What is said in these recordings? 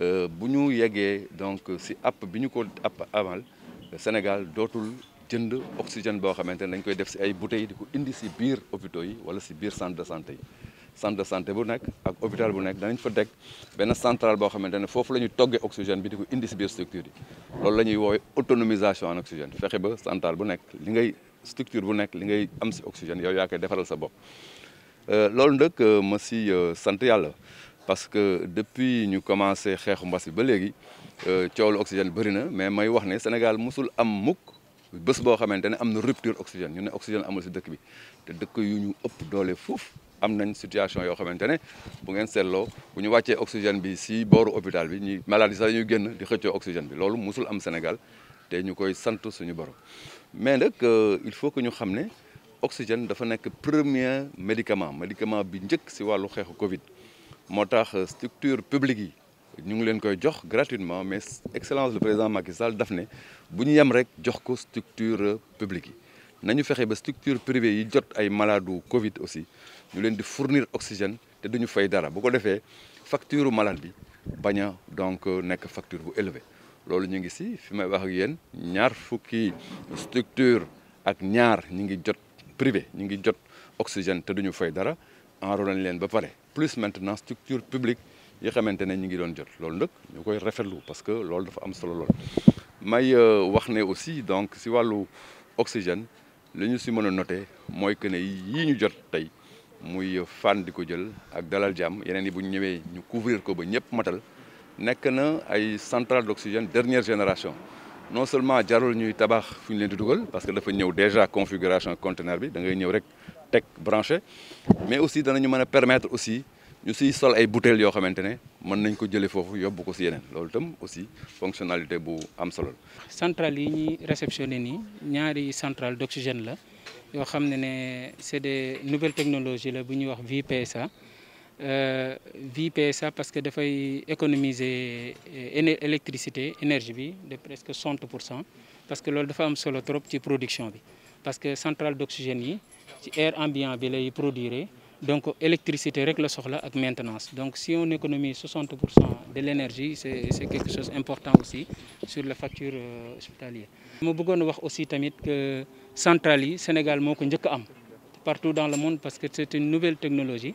Euh, buñu ñu donc si app biñu ko app amal Sénégal dotul jënd oxygène bo xamante dañ koy def ci ay bouteilles diko indi ci biir hôpitaux yi wala ci biir centre de santé yi centre de santé bu nek ak hôpital bu nekk danañ fa teg ben centrale bo xamante fofu lañu la oxygène bi diko indi ci biir structure yi loolu lañuy woy autonomisation en oxygène fexé ba centrale bu nek li ngay structure bu nek li ngay am ci oxygène yow yaa koy defaral sa euh loolu nag euh, ma ci centrale euh, parce que depuis ñu commencé xeexu mbas bi ba euh coowlu oxygène bëri na mais may wax né Sénégal musul am mukk bëss bo xamantene am na rupture oxygène ñu né oxygène amul ci dëkk bi té dëkk yu ñu ëpp doolé fouf am nañ situation yo xamantene bu ngeen sello bu ñu wacce oxygène bi ci booru hôpital bi ñi maladie yi sax dañuy génn di xëccoo oxygène bi loolu musul am Sénégal té ñukoy sant suñu borom mais nak euh, il faut que ñu xamné oxygène dafa nek premier médicament médicament bi ñëk ci walu xeexu Covid motax euh, structure publique yi ñu ngi leen koy jox gratuitement mais excellence le président Macky Sall daf ne bu ñu yam rek jox ko structure euh, publique yi nañu fexé ba structure privée yi jot ay malade Covid aussi ñu leen di fournir oxygène te duñu fay dara bu ko défé facture malade bi baña donc euh, nek facture bu élevée loolu ñu ngi si fi may wax ak yéen ñaar fukki structure ak ñaar ñu ngi jot privé ñu ngi jot oxygène te duñu fay dara enrôlé nañ leen ba pare plus maintenant structure publique yi xamante ne ñu ngi doon jot loolu nag ñu rafetlu parce que loolu dafa am solo lool. may euh, wax ne aussi donc si wàllu oxygène li ñu si mën a noté mooy que ne yii ñu jot tey muy Fann di ko jël ak Dalal Jàmm yeneen yi bu ñu ñëwee ñu couvrir ko ba ñëpp matal nekk na ay centrale d'oxygène dernière génération non seulement jarul ñuy tabax fu ñu leen di dugal parce que dafa ñëw déjà configuration conteneur bi da ngay ñëw rek teg branché mais aussi danañu mën a permettre aussi ñu siy sol ay bouteilles yoo xamante ne mën nañ ko jëlee foofu yóbbu ko si yeneen loolu tam aussi fonctionnalité bu am solo la. centrales yi ñuy réceptionné nii ñaari centrale d' oxygène la yoo xam ne ne c' est des nouvelles technologies la bu ñuy wax VPSA. Euh, VPSA parce que dafay économiser euh, électricité énergie de presque 60 parce que c'est dafa am solo trop ci production bi parce que centrale d'oxygène l'air ci ambiant bi lay produire donc électricité rek la maintenance donc si on économise 60 de l'énergie c'est quelque chose important aussi sur la facture euh, hospitalière Je voudrais aussi tamit que centrale yi Sénégal partout dans le monde parce que c'est une nouvelle technologie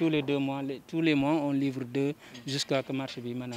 tous les deux mois, tous les mois on livre deux jusqu'à que marché bi mën